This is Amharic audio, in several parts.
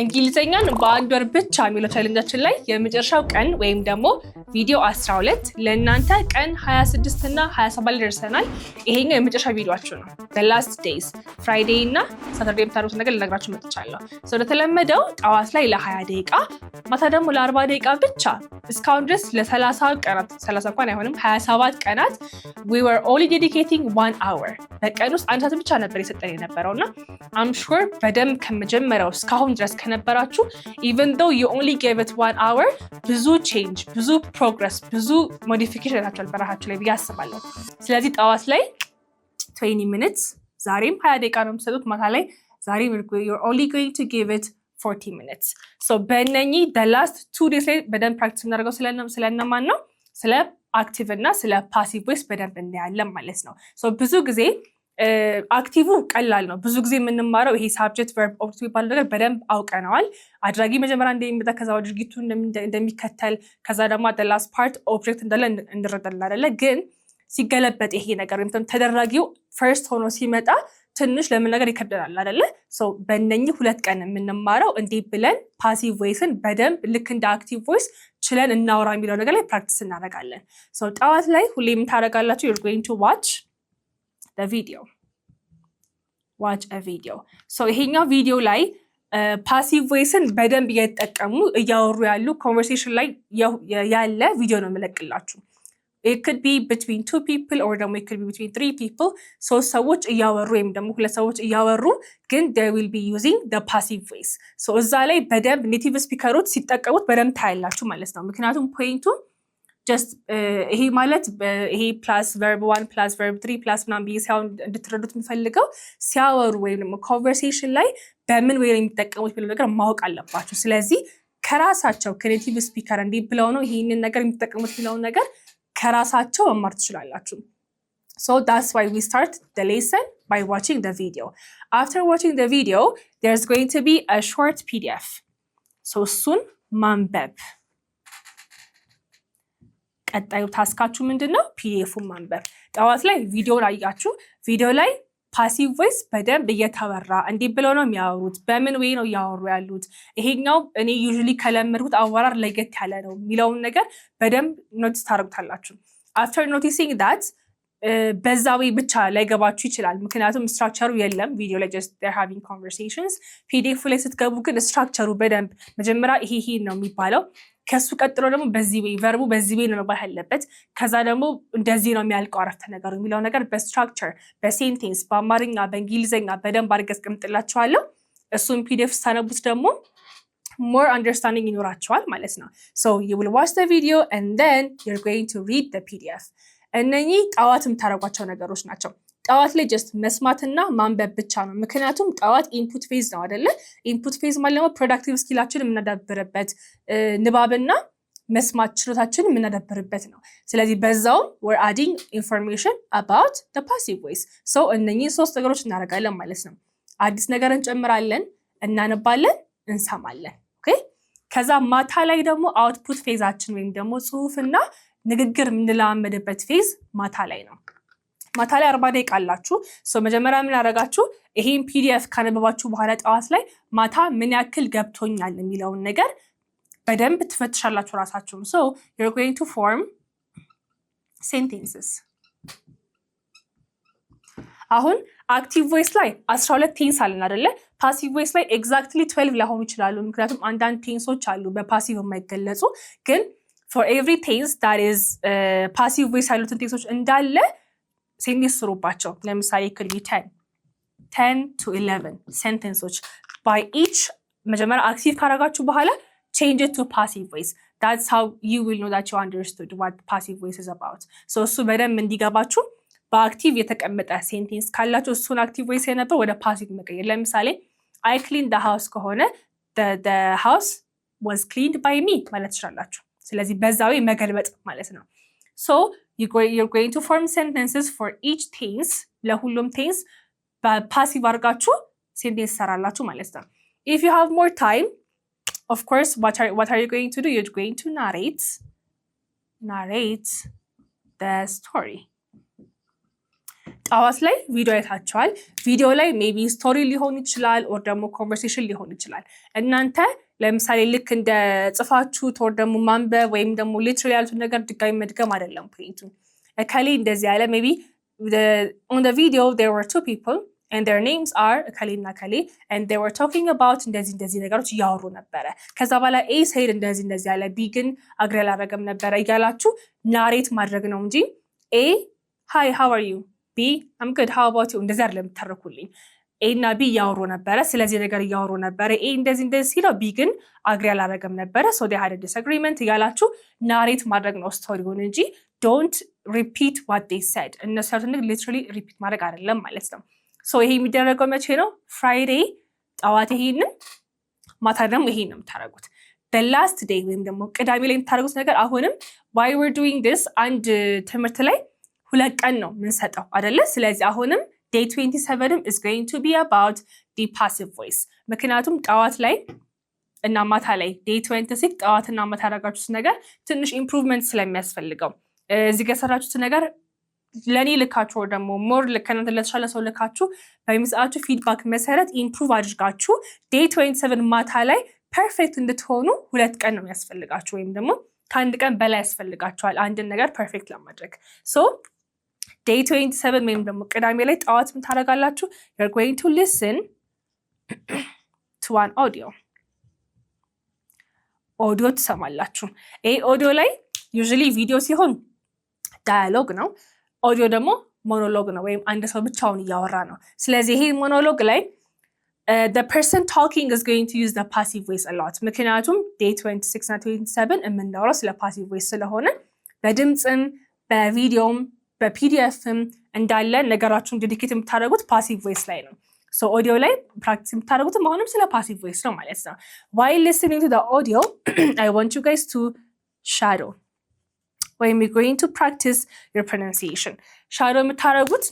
እንግሊዘኛን በአንድ ወር ብቻ የሚለው ቻሌንጃችን ላይ የመጨረሻው ቀን ወይም ደግሞ ቪዲዮ 12 ለእናንተ ቀን 26 እና 27 ላይ ደርሰናል። ይሄኛው የመጨረሻ ቪዲዮችሁ ነው። በላስት ዴይስ ፍራይዴይ እና ሳተርዴ የምታደርጉት ነገር ልነግራችሁ መጥቻለሁ። እንደተለመደው ጠዋት ላይ ለ20 ደቂቃ፣ ማታ ደግሞ ለ40 ደቂቃ ብቻ እስካሁን ድረስ ለ30 ቀናት 30 እንኳን አይሆንም 27 ቀናት we were only dedicating one hour በቀን ውስጥ አንድ ሰዓት ብቻ ነበር የሰጠን የነበረው እና አም ሹር በደንብ ከመጀመሪያው እስካሁን ድረስ ከነበራችሁ ኢቨን ዶ ዩ ኦንሊ ጌቭት ዋን አወር ብዙ ቼንጅ፣ ብዙ ፕሮግረስ፣ ብዙ ሞዲፊኬሽን አይታችኋል በራሳቸው ላይ ብዬ አስባለሁ። ስለዚህ ጠዋት ላይ ትዌንቲ ሚኒትስ ዛሬም ሀያ ደቂቃ ነው የምሰጡት ማታ ላይ ዛሬ ኦንሊ ጎይንግ ቱ ጊቭ ፎርቲ ሚኒትስ። በእነኚህ ቱ ላይ በደንብ ፕራክቲስ የምናደርገው ስለነማን ነው? ስለ አክቲቭ እና ስለ ፓሲቭ ወይስ በደንብ እናያለን ማለት ነው። ብዙ ጊዜ አክቲቭ ቀላል ነው። ብዙ ጊዜ የምንማረው ይሄ ሳብጀክት ቨርብ ኦብጀክት የሚባል ነገር በደንብ አውቀነዋል። አድራጊ መጀመሪያ እንደሚመጣ ከዛ ድርጊቱ እንደሚከተል ከዛ ደግሞ ደላስ ፓርት ኦብጀክት እንዳለ እንረዳለን አይደለ? ግን ሲገለበጥ ይሄ ነገር ወይም ተደራጊው ፈርስት ሆኖ ሲመጣ ትንሽ ለምን ነገር ይከብደናል አይደለ? በእነኚህ ሁለት ቀን የምንማረው እንዴት ብለን ፓሲቭ ቮይስን በደንብ ልክ እንደ አክቲቭ ቮይስ ችለን እናውራ የሚለው ነገር ላይ ፕራክቲስ እናደርጋለን። ጠዋት ላይ ሁሌ የምታደርጋላችሁ ዩር ጎይንግ ቱ ዋች ቪዲዮ ዋች ቪዲዮ ይሄኛው ቪዲዮ ላይ ፓሲቭ uh, ቮይስን በደንብ እየተጠቀሙ እያወሩ ያሉ ኮንቨርሴሽን ላይ ያለ ቪዲዮ ነው የምለቅላችሁ። ክድ ቢ ብትዊን ቱ ፒፕል ኦር ደግሞ ክድ ቢ ብትዊን ትሪ ፒፕል ሶስት ሰዎች እያወሩ ወይም ደግሞ ሁለት ሰዎች እያወሩ ግን ዴይ ዊል ቢ ዩዚንግ ደ ፓሲቭ ቮይስ እዛ ላይ በደንብ ኔቲቭ ስፒከሮች ሲጠቀሙት በደንብ ታያላችሁ ማለት ነው። ምክንያቱም ፖይንቱም ጀስት uh, ይሄ ማለት ይሄ ፕላስ ቨርብ ዋን ፕላስ ቨርብ ትሪ ፕላስ ምናም ብዬ ሳይሆን እንድትረዱት የምፈልገው ሲያወሩ ወይም ደግሞ ኮንቨርሴሽን ላይ በምን ወይ የሚጠቀሙት ብለው ነገር ማወቅ አለባቸው። ስለዚህ ከራሳቸው ክሬቲቭ ስፒከር እንዲህ ብለው ነው ይህንን ነገር የሚጠቀሙት ብለውን ነገር ከራሳቸው መማር ትችላላችሁ። ሶ ዳስ ዋይ ዊ ስታርት ሌሰን ባይ ዋቺንግ ደ ቪዲዮ አፍተር ዋቺንግ ቪዲዮ ዜርስ ጎይንግ ቱ ቢ አ ሾርት ፒዲኤፍ ሶ እሱን ማንበብ ቀጣዩ ታስካችሁ ምንድን ነው? ፒዲኤፉን ማንበብ። ጠዋት ላይ ቪዲዮን አያችሁ። ቪዲዮ ላይ ፓሲቭ ቮይስ በደንብ እየተወራ እንዲህ ብለው ነው የሚያወሩት፣ በምን ወይ ነው እያወሩ ያሉት፣ ይሄኛው እኔ ዩዥሊ ከለመድኩት አወራር ለየት ያለ ነው የሚለውን ነገር በደንብ ኖቲስ ታደርጉታላችሁ። አፍተር ኖቲሲንግ ዳት በዛ ወይ ብቻ ላይገባችሁ ይችላል፣ ምክንያቱም ስትራክቸሩ የለም ቪዲዮ ላይ ጀስት ሃቪንግ ኮንቨርሴሽንስ። ፒዲኤፍ ላይ ስትገቡ ግን ስትራክቸሩ በደንብ መጀመሪያ ይሄ ይሄ ነው የሚባለው ከሱ ቀጥሎ ደግሞ በዚህ ወይ ቨርቡ በዚህ ወይ ነው መባል ያለበት። ከዛ ደግሞ እንደዚህ ነው የሚያልቀው አረፍተ ነገሩ የሚለው ነገር በስትራክቸር በሴንቴንስ በአማርኛ በእንግሊዝኛ በደንብ አድርጌ አስቀምጥላችኋለሁ። እሱን ፒዲኤፍ ስታነቡት ደግሞ ሞር አንደርስታንዲንግ ይኖራቸዋል ማለት ነው። ሶ ዩ ዊል ዋች ዘ ቪዲዮ ን ዘን ዩር ጎይንግ ቱ ሪድ ፒዲፍ። ፒዲኤፍ። እነኚህ ጠዋት የምታደርጓቸው ነገሮች ናቸው። ጠዋት ላይ ጀስት መስማትና ማንበብ ብቻ ነው። ምክንያቱም ጠዋት ኢንፑት ፌዝ ነው አደለ? ኢንፑት ፌዝ ማለት ደግሞ ፕሮዳክቲቭ ስኪላችን የምናዳብርበት ንባብና መስማት ችሎታችን የምናዳብርበት ነው። ስለዚህ በዛውም ወር አዲንግ ኢንፎርሜሽን አባውት ፓሲቭ ዌይስ ሰው እነኚህ ሶስት ነገሮች እናደርጋለን ማለት ነው። አዲስ ነገር እንጨምራለን፣ እናነባለን፣ እንሰማለን። ኦኬ ከዛ ማታ ላይ ደግሞ አውትፑት ፌዛችን ወይም ደግሞ ጽሁፍና ንግግር የምንለማመድበት ፌዝ ማታ ላይ ነው። ማታ ላይ አርባ ደቂቃ አላችሁ። መጀመሪያ ምን ያደረጋችሁ ይሄን ፒዲኤፍ ካነበባችሁ በኋላ ጠዋት ላይ ማታ ምን ያክል ገብቶኛል የሚለውን ነገር በደንብ ትፈትሻላችሁ ራሳችሁም። ሶ ዩር ጎይንግ ቱ ፎርም ሴንቴንስስ። አሁን አክቲቭ ቮይስ ላይ አስራ ሁለት ቴንስ አለን አደለ? ፓሲቭ ቮይስ ላይ ኤግዛክትሊ ትዌልቭ ላይሆኑ ይችላሉ። ምክንያቱም አንዳንድ ቴንሶች አሉ በፓሲቭ የማይገለጹ ግን ፎር ኤቭሪ ቴንስ ዳት ኢዝ ፓሲቭ ቮይስ ያሉትን ቴንሶች እንዳለ ሲሚስሩባቸው ለምሳሌ ክልቢ ተን ተን ቱ ኢለቨን ሴንቴንሶች ባይ ኢች መጀመሪያ አክቲቭ ካረጋችሁ በኋላ ቼንጅ ቱ ፓሲቭ ቮይስ ዳትስ ሃው ዩ ዊል ኖ ዳት ዩ አንደርስቱድ ዋት ፓሲቭ ቮይስ ኢዝ አባውት ሰው እሱ በደንብ እንዲገባችሁ በአክቲቭ የተቀመጠ ሴንቴንስ ካላችሁ እሱን አክቲቭ ቮይስ የነበር ወደ ፓሲቭ መቀየር። ለምሳሌ አይ ክሊን ደ ሃውስ ከሆነ ደ ሃውስ ዋዝ ክሊንድ ባይ ሚ ማለት ትችላላችሁ። ስለዚህ በዛዊ መገልበጥ ማለት ነው ሶ you're going to form sentences for each tense ለሁሉም ቴንስ በፓሲቭ አድርጋችሁ ሴንቴንስ ሰራላችሁ ማለት ነው። if you have more time of course what are, what are you going to do you're going to narrate narrate the story ጠዋት ላይ ቪዲዮ አይታቸዋል። ቪዲዮ ላይ ሜቢ ስቶሪ ሊሆን ይችላል ኦር ደግሞ ኮንቨርሴሽን ሊሆን ይችላል። እናንተ ለምሳሌ ልክ እንደ ጽፋችሁት ኦር ደግሞ ማንበብ ወይም ደግሞ ሊትራሊ ያሉትን ነገር ድጋሚ መድገም አይደለም ፖይንቱ። እከሌ እንደዚህ ያለ ቢ ኦን ዘ ቪዲዮ ዜር ወር ቱ ፒፕል ኤንድ ዜር ኔምስ አር እከሌ እከሌ ኤንድ ዜይ ቶኪንግ አባውት እንደዚህ እንደዚህ ነገሮች እያወሩ ነበረ። ከዛ በኋላ ኤ ሰይድ እንደዚህ እንደዚህ ያለ ቢ ግን አግሬ አላረገም ነበረ እያላችሁ ናሬት ማድረግ ነው እንጂ ኤ ሃይ ሃው አር ዩ ቢ አም ጉድ ሃው አባውት ዩ እንደዚህ አይደለም የምትተርኩልኝ። ኤ እና ቢ እያወሩ ነበረ፣ ስለዚህ ነገር እያወሩ ነበረ። ኤ እንደዚህ እንደዚህ ሲለው ቢ ግን አግሪ አላረገም ነበረ። ሶ ዴይ ሃድ ዲስአግሪመንት እያላችሁ ናሬት ማድረግ ነው ስቶሪውን እንጂ ዶንት ሪፒት ዋት ዴይ ሰድ እነሱ ያሉትን ነገር ሊትራሊ ሪፒት ማድረግ አይደለም ማለት ነው። ሶ ይሄ የሚደረገው መቼ ነው? ፍራይዴ ጠዋት ይሄንን ማታ ደግሞ ይሄን ነው የምታደርጉት። በላስት ዴይ ወይም ደግሞ ቅዳሜ ላይ የምታደርጉት ነገር አሁንም ዋይ ወር ዱዊንግ ዲስ አንድ ትምህርት ላይ ሁለት ቀን ነው የምንሰጠው አደለ? ስለዚህ አሁንም ዴይ 27 is going ቱ ቢ about ዲ ፓሲቭ ቮይስ። ምክንያቱም ጠዋት ላይ እና ማታ ላይ ዴይ 26 ጠዋትና ማታ ያደረጋችሁት ነገር ትንሽ ኢምፕሩቭመንት ስለሚያስፈልገው እዚህ ጋ የሰራችሁት ነገር ለእኔ ልካችሁ ደግሞ ሞር ከእናንተ ለተሻለ ሰው ልካችሁ በሚሰጣችሁ ፊድባክ መሰረት ኢምፕሩቭ አድርጋችሁ ዴይ 27 ማታ ላይ ፐርፌክት እንድትሆኑ ሁለት ቀን ነው የሚያስፈልጋችሁ ወይም ደግሞ ከአንድ ቀን በላይ ያስፈልጋችኋል አንድን ነገር ፐርፌክት ለማድረግ ሶ ዴይ ትዌንቲ ሰቨን ወይም ደግሞ ቅዳሜ ላይ ጠዋት ምን ታደርጋላችሁ? ዩር ጎይንግ ቱ ሊስን ቱ ዋን ኦዲዮ ኦዲዮ ትሰማላችሁ። ይሄ ኦዲዮ ላይ ዩዥሊ ቪዲዮ ሲሆን ዳያሎግ ነው። ኦዲዮ ደግሞ ሞኖሎግ ነው፣ ወይም አንድ ሰው ብቻውን እያወራ ነው። ስለዚህ ይሄ ሞኖሎግ ላይ ፐርሰን ታልኪንግ ኢዝ ጎይንግ ቱ ዩዝ ፓሲቭ ቮይስ አላት። ምክንያቱም ዴይ ትዌንቲ ሲክስ እና ትዌንቲ ሰቨን የምናወራው ስለ ፓሲቭ ቮይስ ስለሆነ በድምፅም በቪዲዮም በፒዲኤፍም እንዳለ ነገራችሁን ዲዲኬት የምታደረጉት ፓሲቭ ቮይስ ላይ ነው። ኦዲዮ ላይ ፕራክቲስ የምታደርጉትም አሁንም ስለ ፓሲቭ ቮይስ ነው ማለት ነው። ዋይል ሊስኒንግ ቱ ኦዲዮ አይ ዋንት ዩ ጋይስ ቱ ሻዶ ወይም ጎይንግ ቱ ፕራክቲስ ዮር ፕሮናንሲዬሽን። ሻዶ የምታደረጉት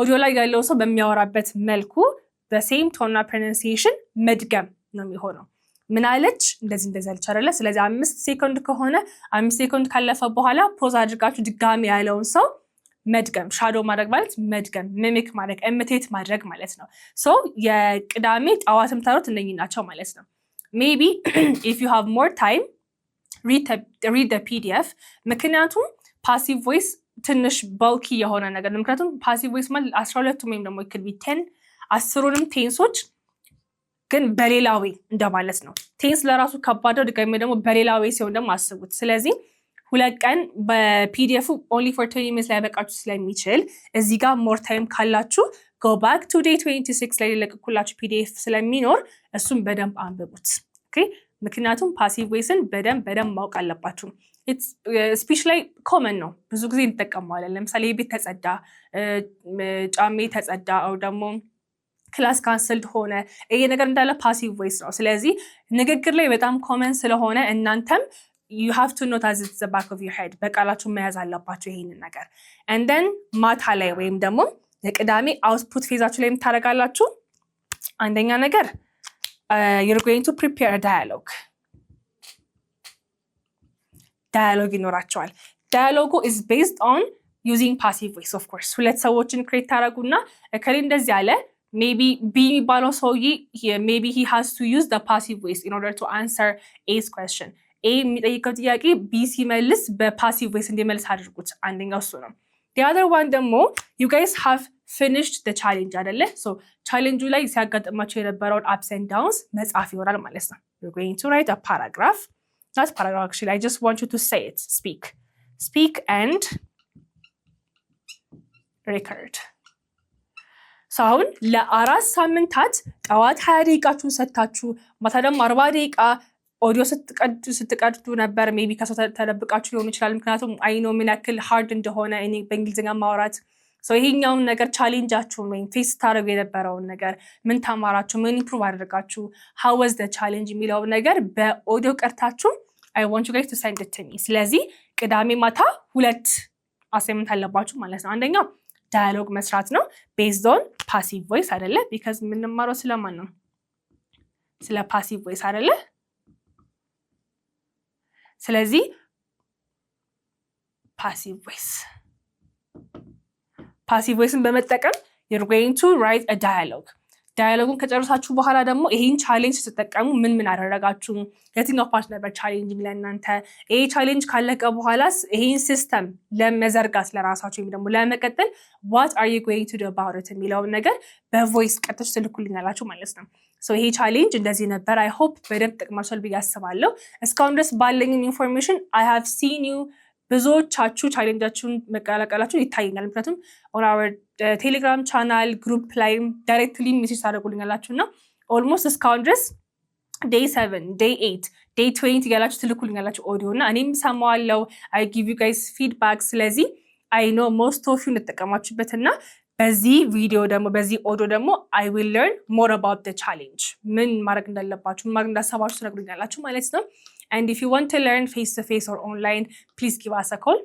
ኦዲዮ ላይ ያለው ሰው በሚያወራበት መልኩ በሴም ቶና ፕሮናንሲዬሽን መድገም ነው የሚሆነው። ምን አለች? እንደዚህ እንደዚህ አለች አይደለ? ስለዚህ አምስት ሴኮንድ ከሆነ አምስት ሴኮንድ ካለፈ በኋላ ፖዝ አድርጋችሁ ድጋሚ ያለውን ሰው መድገም ሻዶ ማድረግ ማለት መድገም ሚሚክ ማድረግ እምቴት ማድረግ ማለት ነው። ሶ የቅዳሜ ጠዋትም ታሮት እነኚህ ናቸው ማለት ነው። ቢ ኢፍ ዩ ሃቭ ሞር ታይም ሪድ ፒዲኤፍ ምክንያቱም ፓሲቭ ቮይስ ትንሽ በልኪ የሆነ ነገር ነው። ምክንያቱም ፓሲቭ ቮይስ ማለት አስራ ሁለቱም ወይም ደግሞ ክልቢ ቴን አስሩንም ቴንሶች ግን በሌላ ዌይ እንደማለት ነው። ቴንስ ለራሱ ከባድ ነው። ድጋሚ ደግሞ በሌላ ዌይ ሲሆን ደግሞ አስቡት። ስለዚህ ሁለት ቀን በፒዲኤፉ ኦንሊ ፎር ትዌንቲ ሚኒትስ ላይ ያበቃችሁ ስለሚችል እዚህ ጋር ሞር ታይም ካላችሁ ጎ ባክ ቱ ዴይ ትዌንቲ ሲክስ ላይ ሊለቅኩላችሁ ፒዲኤፍ ስለሚኖር እሱም በደንብ አንብቡት። ምክንያቱም ፓሲቭ ወይስን በደንብ በደንብ ማወቅ አለባችሁ። ስፒች uh, ላይ ኮመን ነው፣ ብዙ ጊዜ እንጠቀመዋለን። ለምሳሌ የቤት ተጸዳ፣ ጫሜ ተጸዳ፣ ው ደግሞ ክላስ ካንስልድ ሆነ፣ ይሄ ነገር እንዳለ ፓሲቭ ወይስ ነው። ስለዚህ ንግግር ላይ በጣም ኮመን ስለሆነ እናንተም ዩ ሃቭ ቱ ኖት አዝ ኢትስ ዘ ባክ ኦፍ ዩር ሄድ በቃላችሁ መያዝ አለባችሁ ይሄንን ነገር እንደን ማታ ላይ ወይም ደግሞ የቅዳሜ አውትፑት ፌዛችሁ ላይ የምታደርጋላችሁ አንደኛ ነገር ዩር ጎይንግ ቱ ፕሪፔር ዳያሎግ ዳያሎግ ይኖራቸዋል። ዳያሎጉ ኢዝ ቤዝድ ኦን ዩዚንግ ፓሲቭ ቮይስ ኦፍ ኮርስ። ሁለት ሰዎችን ክሬት ታደረጉና እከሌ እንደዚህ አለ ሜቢ ቢ የሚባለው ሰውዬ ሜቢ ሂ ሃዝ ቱ ዩዝ ፓሲቭ ቮይስ ኢን ኦርደር ቱ አንሰር ኤስ ኩዌስችን ኤ የሚጠይቀው ጥያቄ ቢ ሲመልስ በፓሲቭ ወይስ እንዲመልስ አድርጉት። አንደኛው እሱ ነው። ዲአዘር ዋን ደግሞ ዩ ጋይስ ሃቭ ፊኒሽድ ደ ቻሌንጅ አደለ። ቻሌንጁ ላይ ሲያጋጥማቸው የነበረውን አፕስ ኤንድ ዳውንስ መጽሐፍ ይሆናል ማለት ነው። ዩ ጎይንግ ቱ ራይት አ ፓራግራፍ ናት ፓራግራፍ አክቹዋሊ አይ ጀስት ዋንት ዩ ቱ ሴይ ኢት ስፒክ ስፒክ ኤንድ ሪከርድ አሁን ለአራት ሳምንታት ጠዋት ሀያ ደቂቃችሁን ሰታችሁ ማታ ደግሞ አርባ ደቂቃ ኦዲዮ ስትቀዱ ነበር። ሜይ ቢ ከሰው ተደብቃችሁ ሊሆኑ ይችላል። ምክንያቱም አይኖ ምን ያክል ሀርድ እንደሆነ እኔ በእንግሊዝኛ ማውራት ይሄኛውን ነገር ቻሌንጃችሁን ወይም ፌስ ስታደርጉ የነበረውን ነገር ምን ተማራችሁ፣ ምን ኢምፕሩቭ አደረጋችሁ፣ ሃው ወዝ ደ ቻሌንጅ የሚለውን ነገር በኦዲዮ ቀርታችሁ አይ ዋንት ዩ ጋይስ ቱ ሰንድ ኢት ቱ ሚ። ስለዚህ ቅዳሜ ማታ ሁለት አሳይመንት አለባችሁ ማለት ነው። አንደኛው ዳያሎግ መስራት ነው ቤዝድ ኦን ፓሲቭ ቮይስ አይደለ? ቢካዝ የምንማረው ስለማን ነው? ስለ ፓሲቭ ቮይስ አይደለ? ስለዚህ ፓሲቭ ቮይስ ፓሲቭ ቮይስን በመጠቀም ዩር ጎይንግ ቱ ራይት ዳያሎግ ዳያሎጉን ከጨረሳችሁ በኋላ ደግሞ ይሄን ቻሌንጅ ስትጠቀሙ ምን ምን አደረጋችሁ? የትኛው ፓርት ነበር ቻሌንጅ ለእናንተ? ይሄ ቻሌንጅ ካለቀ በኋላስ ይሄን ሲስተም ለመዘርጋት ለራሳችሁ ወይም ደግሞ ለመቀጠል ዋት አር ዩ ጎይንግ ቱ ዱ አባውት ኢት የሚለውን ነገር በቮይስ ቀጥች ትልኩልኛላችሁ ማለት ነው። ይሄ ቻሌንጅ እንደዚህ ነበር። አይ ሆፕ በደንብ ጥቅማችኋል ብዬ አስባለሁ። እስካሁን ድረስ ባለኝም ኢንፎርሜሽን አይ ሃቭ ሲን ዩ ብዙዎቻችሁ ቻሌንጃችሁን መቀላቀላችሁን ይታየኛል። ምክንያቱም ኦን ቴሌግራም ቻናል ግሩፕ ላይም ዳይሬክትሊ ሜሴጅ ታደርጉልኛላችሁ እና ኦልሞስት እስካሁን ድረስ ዴይ ሰቨን ዴይ ኤይት ዴይ ትዌንቲ እያላችሁ ትልኩልኛላችሁ ኦዲዮ እና እኔም ሰማዋለው። አይ ጊቭ ዩ ጋይስ ፊድባክ። ስለዚህ አይ ኖ ሞስት ኦፍ ዩ እንጠቀማችሁበት እና በዚህ ቪዲዮ ደግሞ በዚህ ኦዲዮ ደግሞ አይ ዊል ለርን ሞር አባውት ቻሌንጅ ምን ማድረግ እንዳለባችሁ ማድረግ እንዳሰባችሁ ትነግሩኛላችሁ ማለት ነው። And if you want to learn face-to-face or online, please give us a call.